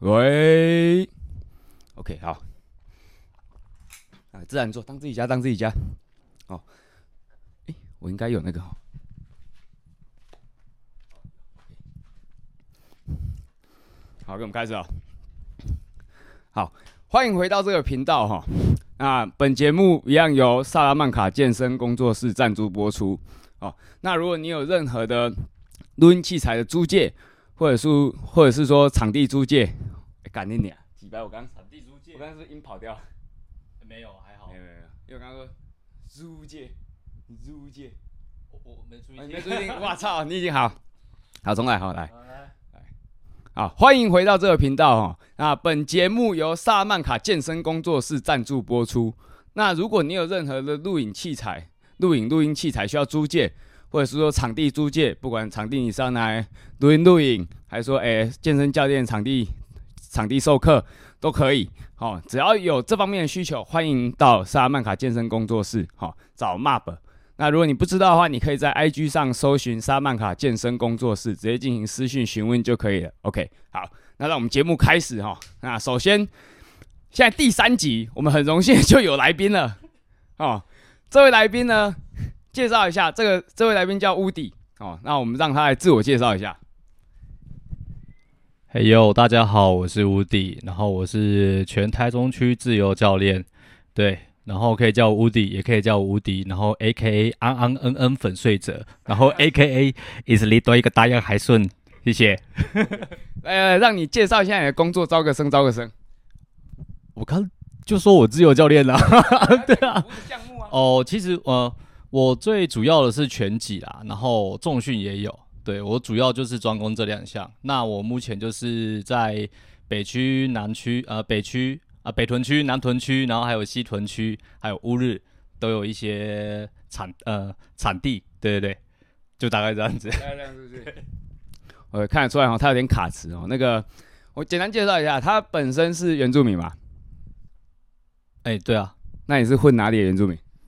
喂，OK，好啊，自然坐，當自己家，當自己家，哦，誒、欸，我應該有那個哈、哦，好，跟我們開始啊，好，歡迎回到這個頻道哈、哦，啊，本節目一樣由薩拉曼卡健身工作室贊助播出哦，那如果你有任何的錄音器材的租借，或者是，或者是說場地租借，敢、欸、認你啊？幾百我剛剛。場地租借，我剛剛是不是音跑掉了、欸，沒有，還好。沒有、欸、沒有，沒有因為我剛剛說租借，租借，我，我沒注意、欸。你最近，我操，你已經好，好，重來，好、喔、來，好來，來，好，歡迎回到這個頻道哈、喔。那本節目由薩曼卡健身工作室贊助播出。那如果你有任何的錄影器材，錄影錄音器材需要租借，或者是說場地租借，不管場地你上來錄音錄影，還是說誒、欸、健身教練場地，場地授課都可以，好、哦，只要有這方面的需求，歡迎到沙曼卡健身工作室，好、哦、找 MAP。那如果你不知道的話，你可以在 IG 上搜尋沙曼卡健身工作室，直接進行私訊詢問就可以了。OK，好，那讓我們節目開始哈、哦。那首先現在第三集，我們很榮幸就有來賓了，哦，這位來賓呢？介紹一下這個這位來賓叫 Woody 哦，那我們讓他來自我介紹一下。嘿、hey、o 大家好，我是 Woody，然後我是全台中區自由教練，對，然後可以叫 Woody，也可以叫無敵，然後 A K A 安安、嗯 n、嗯嗯、粉碎者，然後 A K A 以色列多一個大洋還順，謝謝。呃， 讓你介紹一下你的工作，招個生，招個生。我看就說我自由教練啦，啊， 對啊。啊哦，其實我。我最主要的是拳擊啦，然後重訓也有。對，我主要就是專攻這兩項。那我目前就是在北區、南區，呃，北區啊、呃，北屯區、南屯區，然後還有西屯區，還有烏日，都有一些產呃產地。對對對，就大概這樣子。這樣是我看得出來哦，他有點卡詞哦。那個，我簡單介紹一下，他本身是原住民嘛？哎、欸，對啊。那你是混哪裡的原住民？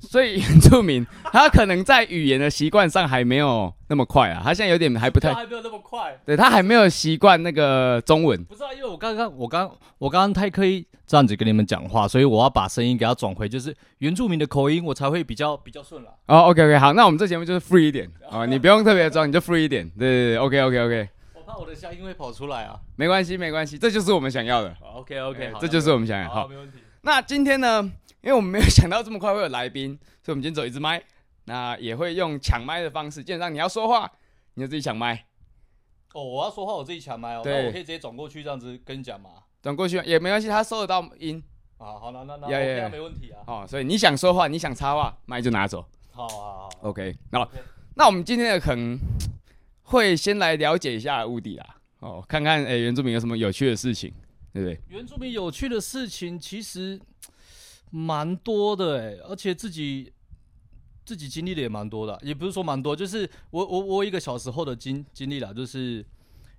所以原住民，他可能在語言的習慣上還沒有那麼快啊，他現在有點還不太，還沒有那麼快。對，他還沒有習慣那個中文。不知道、啊，因為我剛剛我剛我剛剛太刻意這樣子跟你們講話，所以我要把聲音給他轉回，就是原住民的口音，我才會比較比較順啦。哦，oh, OK OK，好，那我們這節目就是 free 一點啊， oh, 你不用特別裝，你就 free 一點。對對，OK OK OK。我怕我的鄉音會跑出來啊，沒關係沒關係，這就是我們想要的。Oh, OK OK，欸，好這就是我們想要。好，沒問題。那今天呢？因為我們沒有想到這麼快會有來賓，所以我們今天走一支麥，那也會用搶麥的方式，基本上你要說話，你就自己搶麥。哦，我要說話，我自己搶麥哦。對，那我可以直接轉過去這樣子跟你講嘛，轉過去也沒關係，他收得到音啊。好，那那那，這 Yeah,、okay, 啊、沒問題啊。哦，所以你想說話，你想插話，麥就拿走。好，好，好。OK，那那我們今天的可能會先來了解一下 Woody 啦。哦，看看誒、欸，原住民有什麼有趣的事情，對不對？原住民有趣的事情，其實。蠻多的哎、欸，而且自己自己經歷的也蠻多的、啊，也不是說蠻多，就是我我我一個小時候的經經歷了，就是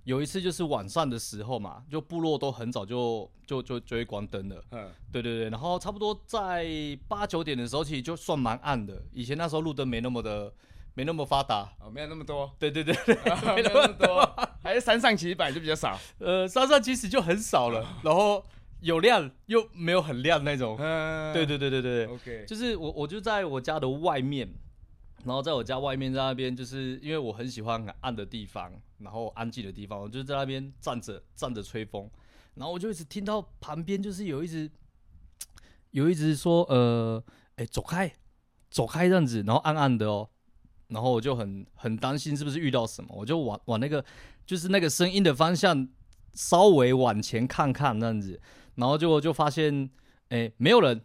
有一次就是晚上的時候嘛，就部落都很早就就就就，就會關燈了，嗯、對對對，然後差不多在八九點的時候其實就算蠻暗的，以前那時候路燈沒那麼的沒那麼發達啊、哦，沒有那麼多，對對對，啊、沒有那麼多，啊、沒那麼多還是山上其實本來就比較少，呃，山上其實就很少了，嗯、然後。有亮又沒有很亮那種，啊、對對對對對，OK，就是我我就在我家的外面，然後在我家外面在那邊，就是因為我很喜歡很暗的地方，然後安靜的地方，我就在那邊站着站着吹風，然後我就一直聽到旁邊就是有一直有一直說，呃，哎、欸，走開，走開這樣子，然後暗暗的哦，然後我就很很擔心是不是遇到什麼，我就往往那個就是那個聲音的方向稍微往前看看這樣子。然後就就發現，哎，沒有人，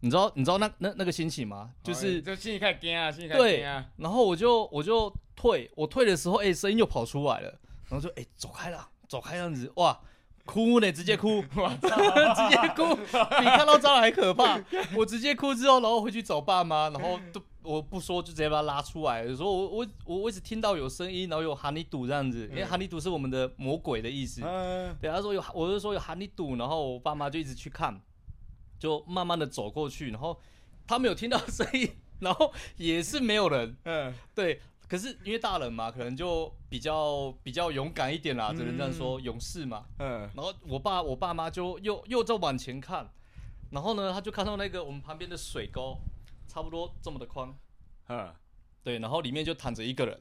你知道你知道那那那個心情嗎？就是就心裡開始驚啊，心裡開始驚。對，然後我就我就退，我退的時候，哎，聲音又跑出來了，然後就哎走開了，走開這樣子，哇，哭呢，直接哭， 直接哭，比 看到蟑螂還可怕。我直接哭之後，然後回去找爸媽，然後都。我不說就直接把他拉出來。有時候我我我我一直聽到有聲音，然後有喊你堵這樣子，嗯、因為喊你堵是我們的魔鬼的意思。嗯、對，他說有，我就說有喊你堵，然後我爸媽就一直去看，就慢慢的走過去，然後他沒有聽到聲音，然後也是沒有人。嗯，對，可是因為大人嘛，可能就比較比較勇敢一點啦，只能、嗯、這樣說，勇士嘛。嗯，嗯然後我爸我爸媽就又又在往前看，然後呢，他就看到那個我們旁邊的水溝。差不多這麼的寬，嗯，Huh. 對，然後裡面就躺着一個人，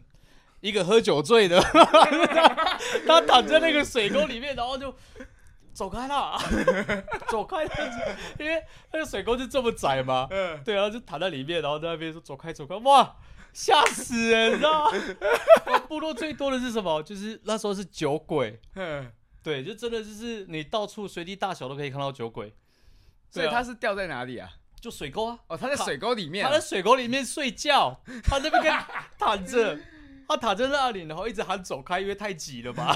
一個喝酒醉的， 他躺在那個水溝裡面，然後就 走開了，走開了，因為那個水溝就這麼窄嘛，嗯，Huh. 對啊，就躺在裡面，然後在那邊說走開走開，哇，嚇死人了，你知道嗎？部落最多的是什麼？就是那時候是酒鬼，嗯，Huh. 對，就真的就是你到處隨地大小都可以看到酒鬼，對啊。所以他是掉在哪裡啊？就水溝啊！哦，他在水溝裡面，他在水溝裡面睡覺，他在那邊躺着， 他躺在那裡，然後一直喊走開，因為太擠了吧？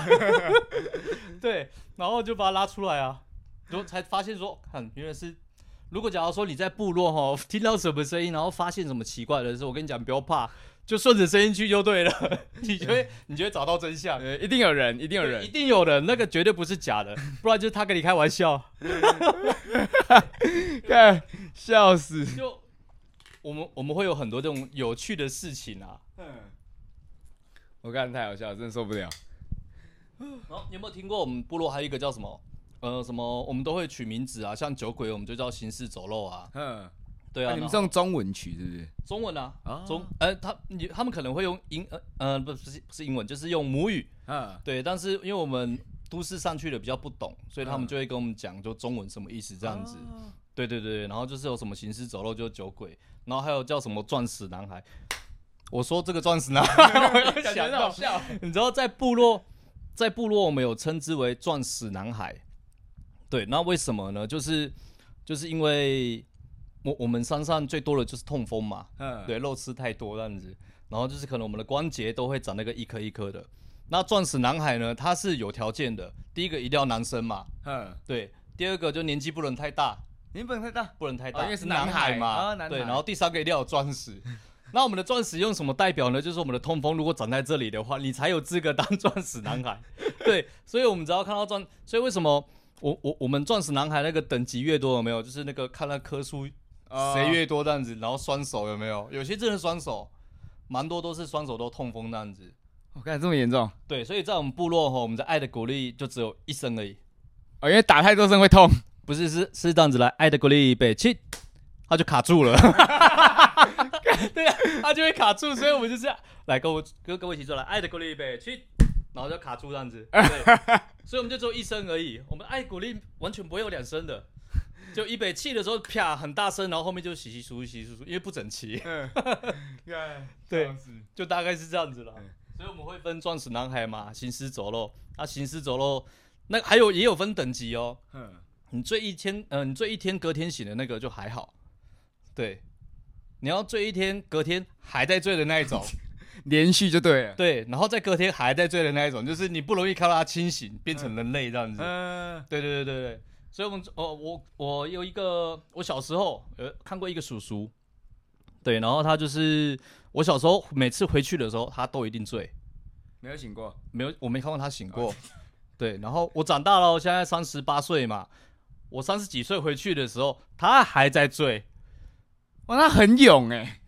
對，然後就把他拉出來啊， 就才發現說，哼，原來是。如果假如說你在部落哈聽到什麼聲音，然後發現什麼奇怪的時候，我跟你講不要怕，就順着聲音去就對了，你就會 你就會 找到真相、 嗯，一定有人，一定有人，嗯，一定有人，那個絕對不是假的，不然就是他跟你開玩笑，哈哈哈，看笑死，就我們我們會有很多這種有趣的事情啊，嗯，我看太好笑了，真的受不了。好，你有沒有聽過我們部落還有一個叫什麼？呃，什麼我們都會取名字啊，像酒鬼我們就叫行屍走肉啊。嗯呵，對啊，啊，你們是用中文取是不是？中文啊，啊中哎、呃，他他們可能會用英呃不是不是英文，就是用母語呵對，但是因為我們都市上去的比較不懂，所以他們就會跟我們講，就中文什麼意思這樣子。啊、對對對，然後就是有什麼行屍走肉就叫酒鬼，然後還有叫什麼鑽石男孩。啊、我說這個鑽石男孩，感有 想，想笑。 你知道在部落，在部落我們有稱之為鑽石男孩。對，那為什麼呢？就是，就是因為我我們山上最多的就是痛風嘛，嗯呵，對，肉吃太多這樣子，然後就是可能我們的關節都會長那個一顆一顆的。那鑽石男孩呢？他是有條件的，第一個一定要男生嘛，嗯呵，對；第二個就年紀不能太大，年紀不能太大，不能太大，啊，因為是男孩嘛，啊，男孩對。然後第三個一定要有鑽石。 那我們的鑽石用什麼代表呢？就是我們的痛風如果長在這裡的話，你才有資格當鑽石男孩。 對，所以我們只要看到鑽，所以為什麼？我我我們鑽石男孩那個等級越多有沒有？就是那個看他顆數，誰越多這樣子，呃、然後雙手有沒有？有些真的雙手，蠻多都是雙手都痛風這樣子。我看、哦、這麼嚴重。對，所以在我們部落吼，我們的愛的鼓勵就只有一聲而已。哦，因為打太多聲會痛。不是，是是這樣子，來，愛的鼓勵預備起，他就卡住了。對，他就會卡住，所以我們就這樣 來，跟我跟跟我一起做來，愛的鼓勵預備起。然後就卡住這樣子，所以我們就做一聲而已。我們愛鼓勵，完全不會有兩聲的，就一北氣的時候啪很大聲，然後後面就嘻嘻嘻嘻嘻稀，因為不整齊。對，就大概是這樣子了。所以我們會分鑽石男孩嘛，行屍走肉。啊，行屍走肉，那還有也有分等級哦。你醉一天，嗯，你醉一天隔天醒的那個就還好。對，你要醉一天隔天還在醉的那一種。連續就對了，對，然後在隔天還在醉的那一種，就是你不容易看到他清醒變成人類這樣子。嗯，對、嗯、對對對對。所以我們哦，我我有一個，我小時候呃看過一個叔叔，對，然後他就是我小時候每次回去的時候，他都一定醉，沒有醒過，沒有，我沒看過他醒過。哦、對，然後我長大了，我現在三十八歲嘛，我三十幾歲回去的時候，他還在醉，哇，他很勇誒、欸，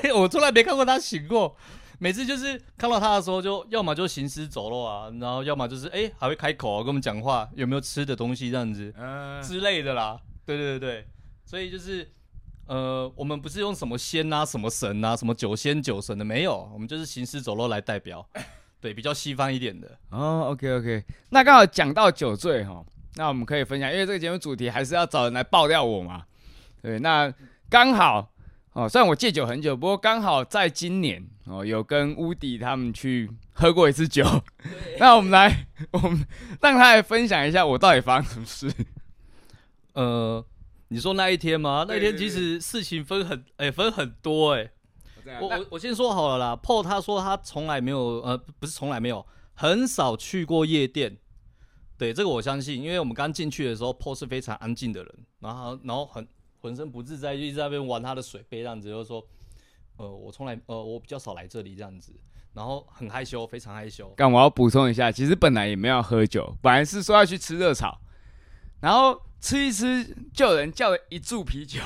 對，我從來沒看過他醒過。每次就是看到他的時候，就要麼就行屍走肉啊，然後要麼就是哎、欸、還會開口、啊、跟我們講話，有沒有吃的東西這樣子之類的啦，對對對對，所以就是呃我們不是用什麼仙吶、啊、什麼神吶、啊、什麼酒仙酒神的，沒有，我們就是行屍走肉來代表，對，比較西方一點的哦。哦，OK OK，那剛好講到酒醉齁，那我們可以分享，因為這個節目主題還是要找人來爆料我嘛，對，那剛好。哦，雖然我戒酒很久，不過剛好在今年哦，有跟 Woody 他們去喝過一次酒。對 那我們來，我們讓他來分享一下我到底發生什麼事。呃，你說那一天嗎？那一天其實事情分很，誒、欸，分很多誒、欸。我那我我先說好了啦，保羅他說他從來沒有，呃，不是從來沒有，很少去過夜店。對，這個我相信，因為我們剛進去的時候，保羅是非常安靜的人，然後然後很。渾身不自在，就一直在那邊玩他的水杯，這樣子就是說，呃，我從來，呃，我比較少來這裡這樣子，然後很害羞，非常害羞。但我要補充一下，其實本來也沒要喝酒，本來是說要去吃熱炒，然後吃一吃就有人叫了一注啤酒，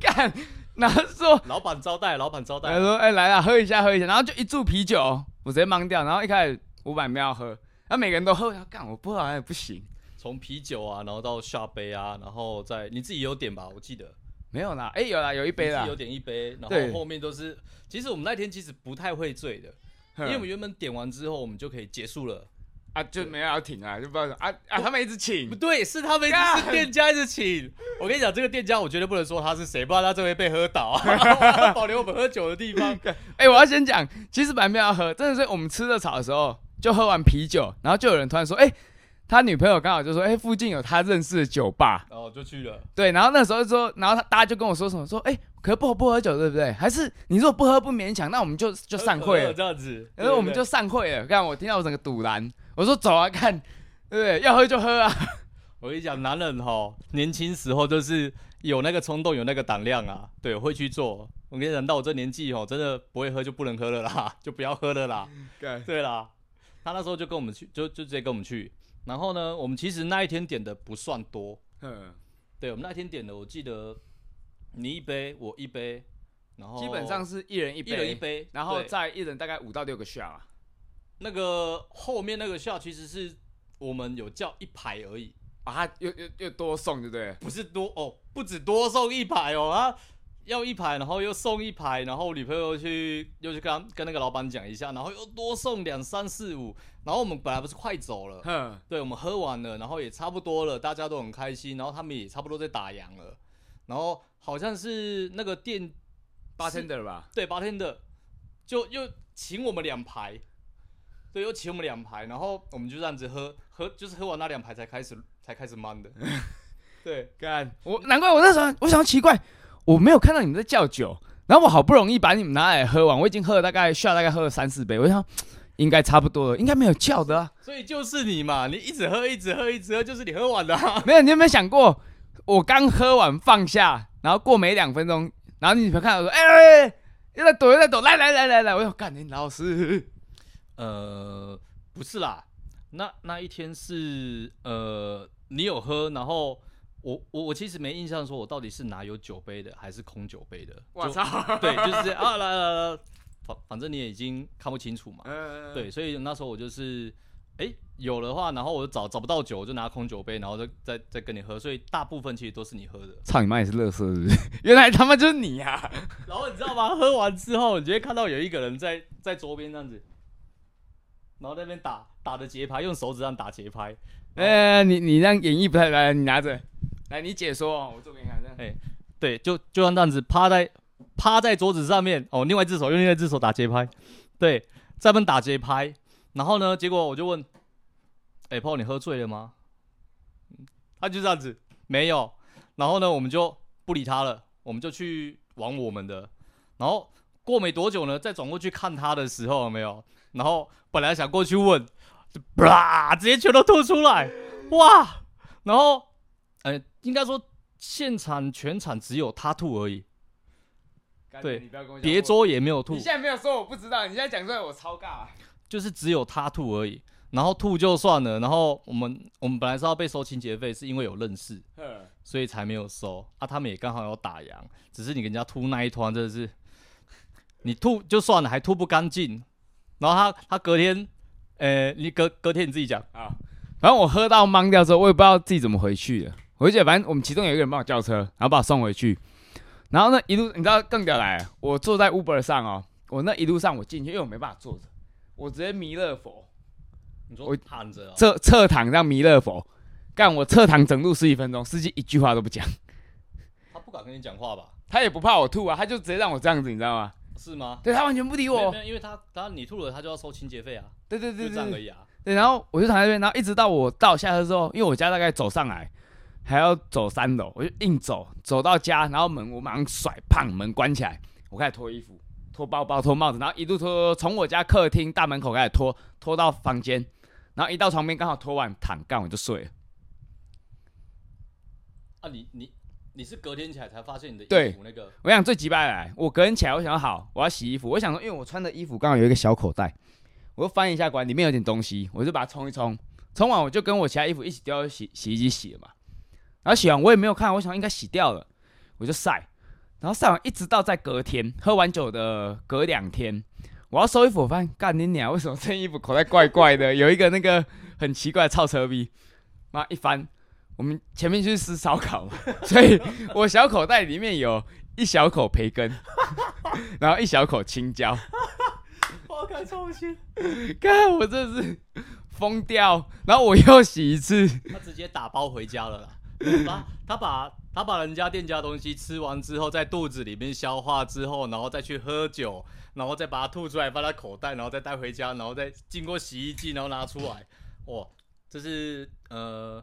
乾， 然後說老闆招待，老闆招待，他說哎、欸、來啦，喝一下，喝一下，然後就一注啤酒，我直接懵掉，然後一開始五百沒有要喝，那每個人都喝，要乾我不喝好像也不行。從啤酒啊，然後到下杯啊，然後再你自己有點吧，我記得沒有啦，哎、欸，有啦，有一杯啦，有點一杯，然後後面都是，對其實我們那天其實不太會醉的，呵因為我們原本點完之後，我們就可以結束了啊，就沒有要停啊，對就不知道啊我啊，他們一直請，不對，是他們一直，幹是店家一直請，我跟你講，這個店家，我絕對不能說他是誰，不然他就會被喝倒啊， 保留我們喝酒的地方。哎幹、欸，我要先講，其實本來沒有要喝，真的是我們吃熱炒的時候，就喝完啤酒，然後就有人突然說，哎、欸。他女朋友剛好就說：“哎、欸，附近有他認識的酒吧。”然後就去了。對，然後那時候就說，然後他大家就跟我說什麼說：“哎、欸，可不喝不喝酒，對不對？還是你說我不喝不勉強，那我們就就散會了，了這樣子。對對”然後我們就散會了。看對我聽到我整個賭爛，我說走啊，看，對不對？要喝就喝啊！我跟你講，男人哈、哦，年輕時候就是有那個衝動，有那個膽量啊，對，會去做。我跟你講，到我這年紀哈、哦，真的不會喝就不能喝了啦，就不要喝了啦。對，Okay. 對啦。他那時候就跟我們去，就就直接跟我們去。然後呢，我們其實那一天點的不算多，嗯呵，對，我們那天點的，我記得你一杯，我一杯，然後一一基本上是一人一杯，一人一杯，對然後再一人大概五到六個 s 啊，那個後面那個 s 其實是我們有叫一排而已啊，又又又多送，對不對？不是多哦，不止多送一排哦啊。要一排，然後又送一排，然後女朋友去又去跟跟那個老闆講一下，然後又多送兩三四五，然後我們本來不是快走了，嗯哼，對，我們喝完了，然後也差不多了，大家都很開心，然後他們也差不多在打烊了，然後好像是那個店是 bartender 吧，對 bartender 就又請我們兩排，對，又請我們兩排，然後我們就這樣子喝，喝就是喝完那兩排才開始才開始慢的， 對，幹，我難怪我那時候我想到奇怪。我沒有看到你們在叫酒，然後我好不容易把你們拿來喝完，我已經喝了大概需要大概喝了三四杯，我想應該差不多了，應該沒有叫的啊。所以就是你嘛，你一直喝，一直喝，一直喝，就是你喝完的、啊。沒有，你有沒有想過，我剛喝完放下，然後過沒兩分鐘，然後你女朋友看到我說，哎、欸，又在抖，又在抖，來來來來來，我說，幹你老師，呃，不是啦，那那一天是呃，你有喝，然後。我我我其實沒印象，說我到底是拿有酒杯的，還是空酒杯的。我操！對，就是這樣。來來來，反反正你也已經看不清楚嘛。對，所以那時候我就是，誒，有的話，然後我就找找不到酒，我就拿空酒杯，然後再再再跟你喝。所以大部分其實都是你喝的。操你媽也是樂色，原來他媽就是你呀！然後你知道嗎？喝完之後，你就會看到有一個人在在桌邊這樣子，然後那邊打打的節拍，用手指這樣打節拍。哎，你你那樣演繹不太來，你拿着。哎、欸，你解說哦，我這邊看。哎、欸，對，就就像這樣子，趴在趴在桌子上面哦、喔，另外一隻手用另外一隻手打節拍，對，在那邊打節拍。然後呢，結果我就問，哎、欸、，Paul，你喝醉了嗎？他就這樣子，沒有。然後呢，我們就不理他了，我們就去玩我們的。然後過沒多久呢，再轉過去看他的時候，沒有。然後本來想過去問，啪，直接全都吐出來，哇！然後。應該說，現場全場只有他吐而已。對，別桌也沒有吐。你現在沒有說我不知道，你現在講出來我超尬。就是只有他吐而已，然後吐就算了，然後我們我們本來是要被收清潔費，是因為有認識，所以才沒有收。啊，他們也剛好要打烊，只是你跟人家吐那一團真的是，你吐就算了，還吐不乾淨。然後他他隔天，呃，你隔隔天你自己講啊。反正我喝到懵掉之後，我也不知道自己怎麼回去了。我姐，反正我們其中有一個人幫我叫車，然後把我送回去。然後那一路你知道更屌來，我坐在 Uber 上哦。我那一路上我進去，因為我沒辦法坐着，我直接彌勒佛。你說躺，我躺着，側側躺這樣彌勒佛，幹我側躺整路十幾分鐘，司機一句話都不講。他不敢跟你講話吧？他也不怕我吐啊，他就直接讓我這樣子，你知道嗎？是嗎？對，他完全不理我，因為他他你吐了，他就要收清潔費啊。對對，對對對，就這樣而已啊，對，然後我就躺在那邊，然後一直到我到我下車之後，因為我家大概走上來。還要走三樓，我就硬走，走到家，然後門我馬上甩，砰，門關起來，我開始脫衣服、脫包包、脫帽子，然後一路脫，從我家客廳大門口開始脫，脫到房間，然後一到床邊剛好脫完，躺干我就睡了。啊，你你你是隔天起來才發現你的衣服那個？對，我想最機掰的來，我隔天起來，我想好，我要洗衣服，我想說，因為我穿的衣服剛好有一個小口袋，我就翻一下，果然裡面有點東西，我就把它沖一沖，沖完我就跟我其他衣服一起丟洗洗衣機洗,洗了嘛。然後洗完我也沒有看，我想應該洗掉了，我就曬。然後曬完一直到在隔天喝完酒的隔兩天，我要收衣服，我發現，幹你娘，為什麼這衣服口袋怪怪的？ 有一個那個很奇怪的超車逼，媽一翻，我們前面去吃燒烤，所以我小口袋裡面有一小口培根， 然後一小口青椒。 我可說不清，看我真是瘋掉。然後我又洗一次，他直接打包回家了啦。 他，他把他把他把人家店家的東西吃完之後，在肚子裡面消化之後，然後再去喝酒，然後再把它吐出來，放在口袋，然後再帶回家，然後再經過洗衣機，然後拿出來。哇，這是呃，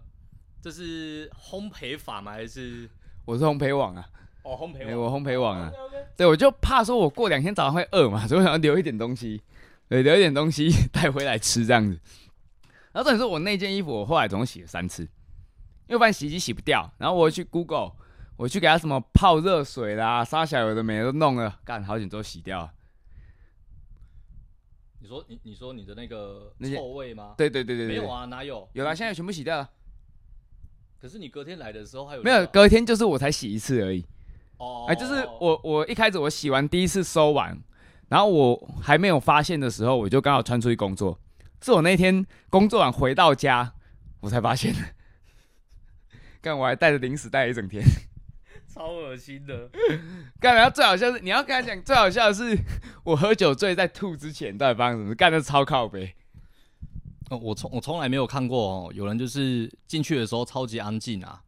這是烘焙法嗎？還是我是烘焙網啊？哦，烘焙網，欸，我烘焙網啊。Okay, okay. 對，我就怕說我過兩天早上會餓嘛，所以我想要留一點東西，對，留一點東西帶回來吃這樣子。然後等於說，我那件衣服我後來總共洗了三次。又放洗衣機洗不掉，然後我去 Google，我去給他什麼泡熱水啦、撒小有的，沒都弄了，幹好幾周洗掉了。你說你你說你的那個臭味嗎？對,對對對對，沒有啊，哪有？有了，現在全部洗掉了。可是你隔天來的時候還有沒有,沒有？隔天就是我才洗一次而已。哦，oh, 哎，就是我我一開始我洗完第一次收完，然後我還沒有發現的時候，我就剛好穿出去工作。是我那天工作完回到家，我才發現。幹！我還帶着零食帶一整天， 超噁心的。幹！然後最好笑是，你要跟他講最好笑的是，我喝酒醉在吐之前在幫人幹的超靠北、哦。我從我從來沒有看過哦，有人就是進去的時候超級安靜啊，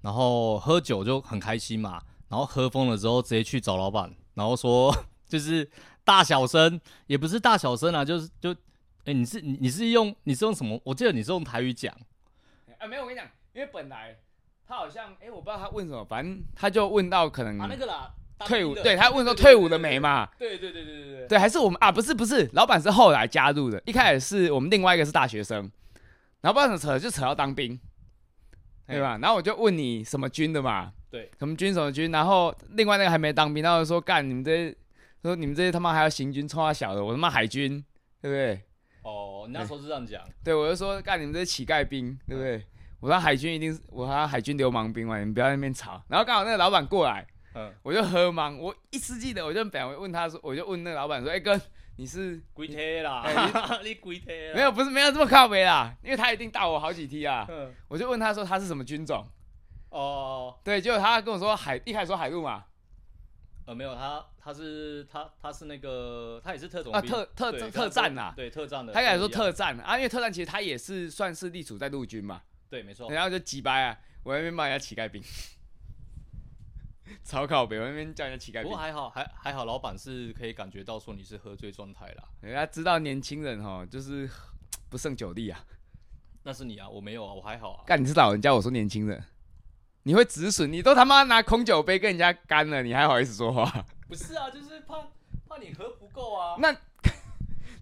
然後喝酒就很開心嘛，然後喝瘋了之後直接去找老闆，然後說就是大小聲，也不是大小聲啊，就是就誒、欸，你是你你是用你是用什麼？我記得你是用台語講。啊、欸，呃、沒有，我跟你講，因為本來。他好像哎，我不知道他問什麼，反正他就問到可能退伍、啊那個、對，他問說退伍的沒嘛？對對，對對對對對對對，對還是我們啊？不是不是，老闆是後來加入的，一開始是我們另外一個是大學生，然後不知道怎麼扯就扯到當兵，對，對吧？然後我就問你什麼軍的嘛？對，什麼軍什麼軍？然後另外那個還沒當兵，然後就說幹你們這些，說你們這些他媽還要行軍衝三小的，我他媽海軍，對不對？哦，那時候是這樣講，對，對我就說幹你們這些乞丐兵，對不對？嗯我說海軍一定是，我說他海軍流氓兵嘛，你們不要在那邊吵。然後剛好那個老板過來，嗯、我就很茫，我一時記得，我就本來問他說，我就問那個老板說，哎、欸、哥，你是幾梯的啦？ 你幾你幾梯沒有，不是沒有這麼靠北啦，因為他一定大我好幾 T 啊。嗯、我就問他說，他是什麼軍種？哦、呃，對，結果他跟我說海，一開始說海陸嘛，呃，沒有，他他是他他是那個他也是特種兵，啊，特特對特戰吶，對，特戰的，他一開始說特戰樣啊，因為特戰其實他也是算是隸屬在陸軍嘛。對，沒錯，然後就機掰，啊，我那邊罵人家乞丐兵，超靠北，我那邊叫人家乞丐。不過，還好，還還好，老闆是可以感覺到說你是喝醉狀態啦。人家知道年輕人齁，就是不勝酒力啊。那是你啊，我沒有啊，我還好啊。幹你是老人家，我說年輕人，你會止損，你都他媽拿空酒杯跟人家乾了，你還好意思說話？不是啊，就是怕怕你喝不夠啊。那。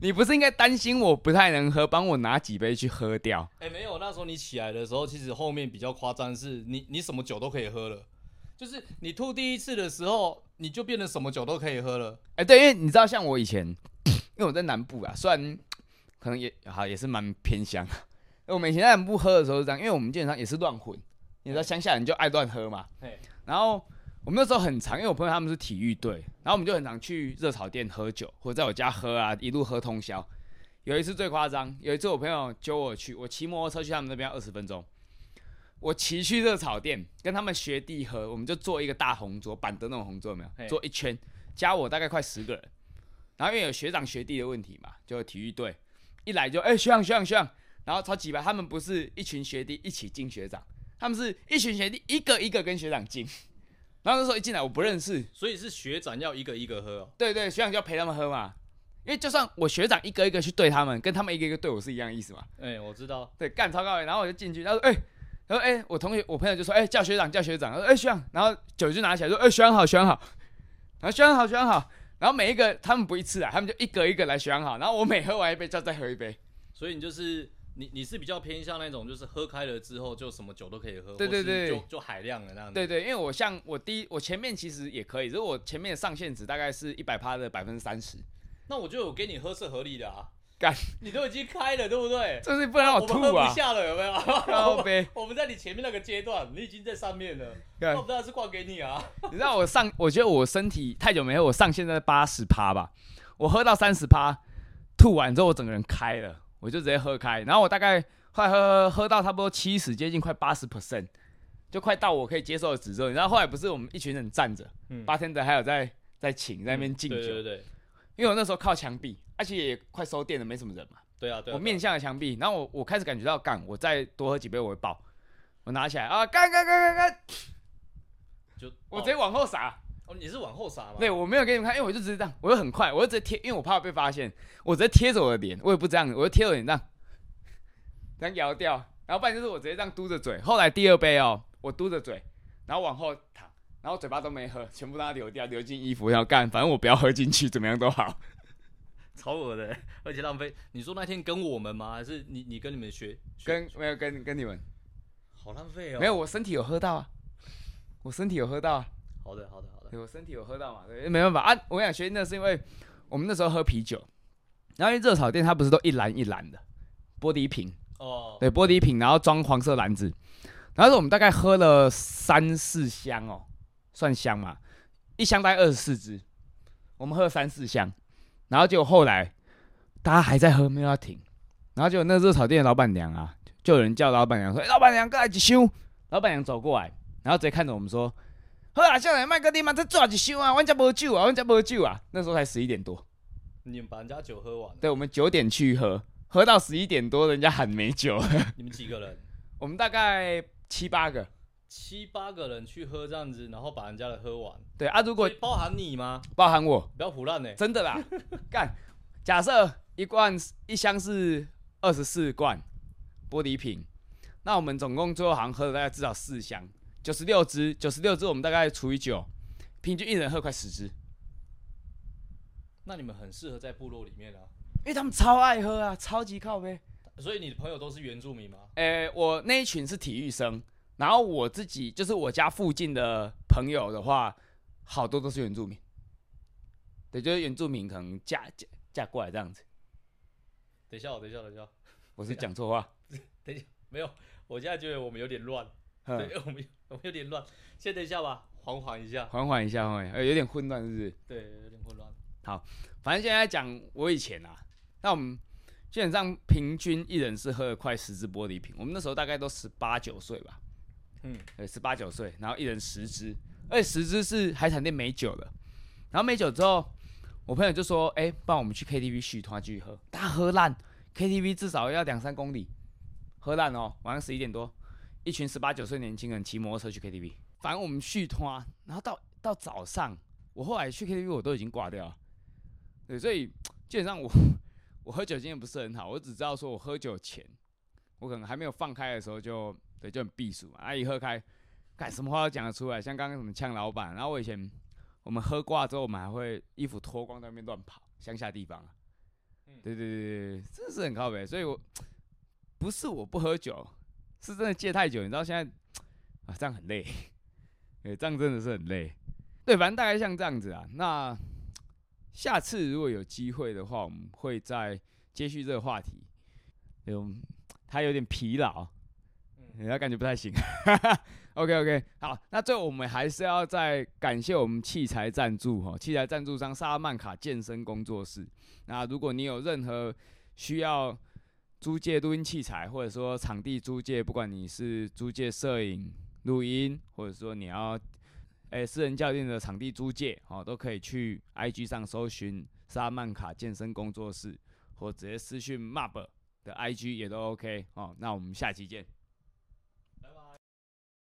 你不是應該擔心我不太能喝，幫我拿幾杯去喝掉？哎、欸，沒有，那時候你起來的時候，其實後面比較誇張，是你你什麼酒都可以喝了，就是你吐第一次的時候，你就變得什麼酒都可以喝了。哎、欸，對，因為你知道，像我以前，因為我在南部啊，雖然可能也好也是蠻偏鄉，我們以前在南部喝的時候是這樣，因為我們基本上也是亂混，你知道鄉下人就愛亂喝嘛。對、欸，然後。我們那時候很長，因為我朋友他們是體育隊，然後我們就很常去熱炒店喝酒，或者在我家喝啊，一路喝通宵。有一次最誇張，有一次我朋友揪我去，我騎摩托車去他們那邊二十分鐘，我騎去熱炒店跟他們學弟喝，我們就坐一個大紅桌板凳那種紅桌，沒有坐一圈，加我大概快十個人。然後因為有學長學弟的問題嘛，就有體育隊一來就哎、欸、學長學長學長，然後超級白，他們不是一群學弟一起敬學長，他們是一群學弟一個一個跟學長敬。然後那時候一進來我不認識，所以是學長要一個一個喝、哦、對對，學長就要陪他們喝嘛，因為就算我學長一個一個去對他們，跟他們一個一個對我是一樣意思嘛。哎、欸，我知道，對，幹超高然後我就進去，他說哎，他、欸、說哎、欸，我同學我朋友就說哎、欸，叫學長叫學長，哎、欸、學長，然後酒就拿起來說哎學長好學長好，然後學長好學長好，學長好，然後每一個他們不一次啊，他們就一個一個來學長好，然後我每喝完一杯就再喝一杯，所以你就是。你你是比較偏向那種，就是喝開了之後就什麼酒都可以喝，對對對，就海量的那樣。對,對對，因為我像我第一我前面其實也可以，如果我前面的上限值大概是一百趴的百分之三十。那我覺得我給你喝是合理的啊，幹幹，你都已經開了，對不對？就是不然我吐了、啊、我喝不下了，有沒有？OK。 我們在你前面那個階段，你已經在上面了，幹我不知道是灌給你啊。你知道我上，我覺得我身體太久沒喝，我上限在八十趴吧，我喝到三十趴，吐完之後我整個人開了。我就直接喝開，然後我大概快喝喝喝到差不多七十，接近快八十 percent，就快到我可以接受的指數。然後後來不是我們一群人站着，Bartender 還有在在請、嗯、在那邊敬酒，對對對對。因為我那時候靠牆壁，而且也快收店了，沒什麼人嘛。對啊，對啊我面向着牆壁，然後我我開始感覺到幹，我再多喝幾杯我會爆，我拿起來啊乾干干干干，就我直接往後撒。哦，你是往後撒嗎？對，我沒有給你們看，因為我就直接這樣，我就很快，我就直接貼，因為我怕被發現，我直接貼着我的臉，我也不這樣，我就貼着臉這樣，這樣搖掉，然後不然就是我直接這樣嘟着嘴。後來第二杯哦，我嘟着嘴，然後往後躺，然後嘴巴都沒喝，全部都它流掉，流進衣服要乾，反正我不要喝進去，怎麼樣都好，超惡的，而且浪費。你說那天跟我們嗎？還是你你跟你們學？學跟沒有跟跟你們？好浪費哦！沒有，我身體有喝到啊，我身體有喝到啊。好的，好的。我身體有喝到嘛？對，沒辦法啊！我跟你講，學那是因為我們那時候喝啤酒，然後因為熱炒店它不是都一籃一籃的玻璃瓶哦，oh. 對，玻璃瓶，然後裝黃色籃子，然後是我們大概喝了三四箱哦，算箱嘛，一箱大概二十四支，我們喝了三四箱，然後就後來大家還在喝沒有要停，然後結果那熱炒店的老闆娘啊，就有人叫老闆娘說：“哎、欸，老闆娘過來一箱。”老闆娘走過來，然後直接看着我們說。喝啊！下來麥克你媽在抓子想啊！我們家沒酒啊！我們家沒酒啊！那時候才十一點多，你們把人家酒喝完。對，我們九點去喝，喝到十一點多，人家喊沒酒。你們幾個人？ 我們大概七八個，七八個人去喝這樣子，然後把人家的喝完。對啊，如果包含你嗎？包含我，不要唬爛呢。真的啦，幹！ 假設一罐一箱是二十四罐玻璃瓶，那我們總共最後好像喝了大概至少四箱。九十六只，九十六隻。我們大概除以九，平均一人喝快十只。那你們很適合在部落裡面啊，因為他們超愛喝啊，超級靠杯。所以你的朋友都是原住民嗎？誒、欸，我那一群是體育生，然後我自己就是我家附近的朋友的話，好多都是原住民。對，就是原住民可能嫁嫁嫁過來這樣子。等一下，我等一下，等一下，我是講錯話等。等一下，沒有，我現在覺得我們有點亂。哼有點亂，先等一下吧，緩緩一下，緩緩一下，哎、欸，有點混亂是不是？對，有點混亂。好，反正現在講我以前啊，那我們基本上平均一人是喝了快十支玻璃瓶，我們那時候大概都十八九歲吧，嗯，十八九歲，然後一人十支，而且十支是海產店沒酒了，然後沒酒之後，我朋友就說，哎、欸，不然我們去 K T V 續攤繼續喝，大家喝爛，K T V 至少要兩三公里，喝爛哦，晚上十一點多。一群十八九歲年輕人騎摩托車去 KTV，反正我們續攤。啊，然後到到早上，我後來去 KTV 我都已經掛掉了，對，所以基本上我我喝酒經驗不是很好，我只知道說，我喝酒前我可能還沒有放開的時候就對，就很避暑嘛，啊一喝開，幹什麼話都講得出來，像剛剛什麼嗆老板，然後我以前我們喝掛之後我們還會衣服脫光在那邊亂跑，鄉下地方，對對對對，真的是很靠北的，所以我不是我不喝酒。是真的借太久，你知道現在啊，這樣很累，誒、欸，這樣真的是很累。對，反正大概像這樣子啊。那下次如果有機會的話，我們會再接續這個話題。有、欸、他有點疲勞，他、欸、感覺不太行。哈哈、嗯、 OK OK，好，那最後我們還是要再感謝我們器材贊助哈、喔，器材贊助商薩拉曼卡健身工作室。那如果你有任何需要，租借錄音器材，或者說場地租借，不管你是租借攝影、錄、嗯、音，或者說你要，誒、欸、私人教練的場地租借，哦，都可以去 IG 上搜尋沙曼卡健身工作室，或者直接私訊 m a b 的 IG 也都 OK 哦。那我們下期見。